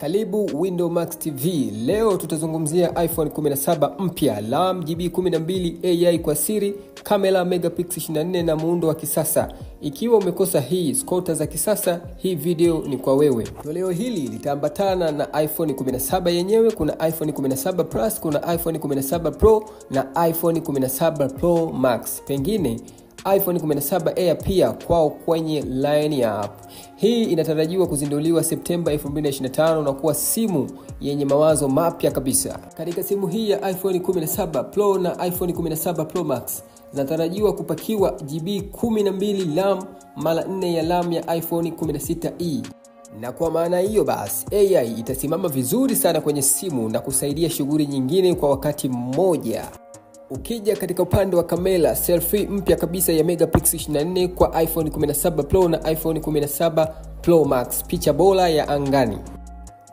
Karibu Window Max TV. Leo tutazungumzia iPhone 17 mpya, RAM GB 12, AI kwa siri, kamera megapixel 24 na muundo wa kisasa. Ikiwa umekosa hii skota za kisasa, hii video ni kwa wewe. Toleo hili litaambatana na iPhone 17 yenyewe. Kuna iPhone 17 Plus, kuna iPhone 17 Pro na iPhone 17 Pro Max. Pengine iPhone 17 Air pia kwao kwenye ya app Hii inatarajiwa kuzinduliwa Septemba 2025 na kuwa simu yenye mawazo mapya kabisa. Katika simu hii ya iPhone 17 Pro na iPhone 17 Pro Max zinatarajiwa kupakiwa GB 12 RAM mara 4 ya RAM ya iPhone 16e na kwa maana hiyo basi AI itasimama vizuri sana kwenye simu na kusaidia shughuli nyingine kwa wakati mmoja. Ukija katika upande wa kamera, selfie mpya kabisa ya megapixel 24 kwa iPhone 17 Pro na iPhone 17 Pro Max, picha bora ya angani.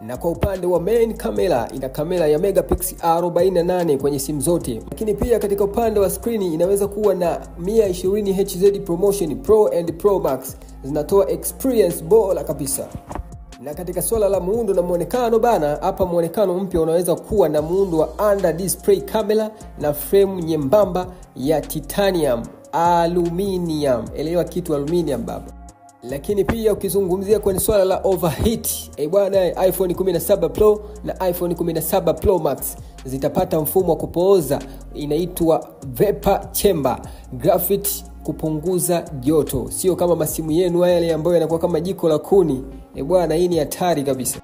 Na kwa upande wa main camera ina kamera ya megapixel 48 kwenye simu zote, lakini pia katika upande wa skrini inaweza kuwa na 120 HZ promotion Pro and Pro Max, zinatoa experience bora kabisa. Na katika swala la muundo na muonekano bana, hapa muonekano mpya unaweza kuwa na muundo wa under display camera na fremu nyembamba ya titanium aluminium. Elewa kitu aluminium baba lakini pia ukizungumzia kwenye swala la overheat e bwana, iPhone 17 Pro na iPhone 17 Pro Max zitapata mfumo wa kupooza inaitwa vapor chamber graphite kupunguza joto, sio kama masimu yenu yale ambayo yanakuwa kama jiko la kuni. E bwana, hii ni hatari kabisa.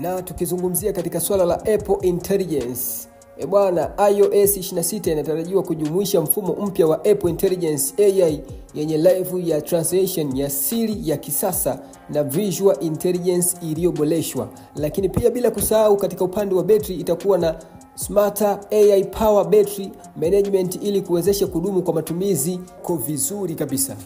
Na tukizungumzia katika swala la Apple Intelligence E bwana, iOS 26 inatarajiwa kujumuisha mfumo mpya wa Apple Intelligence AI yenye live ya translation ya siri ya kisasa na visual intelligence iliyoboreshwa, lakini pia bila kusahau, katika upande wa betri itakuwa na Smarter AI Power Battery Management ili kuwezesha kudumu kwa matumizi kwa vizuri kabisa.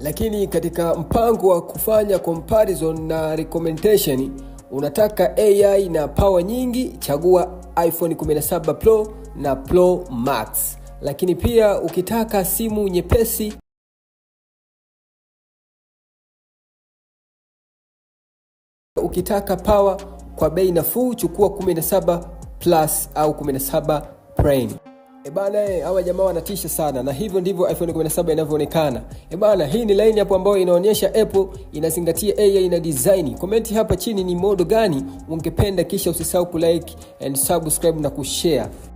Lakini katika mpango wa kufanya comparison na recommendation, unataka AI na power nyingi, chagua iPhone 17 Pro na Pro Max. Lakini pia ukitaka simu nyepesi ukitaka power kwa bei nafuu, chukua 17 plus au 17 prime Ebana, hawa jamaa wanatisha sana, na hivyo ndivyo iPhone 17 inavyoonekana. Ebana, hii ni line hapo ambayo inaonyesha Apple inazingatia AI na design. Komenti hapa chini ni modo gani ungependa, kisha usisahau kulike and subscribe na kushare.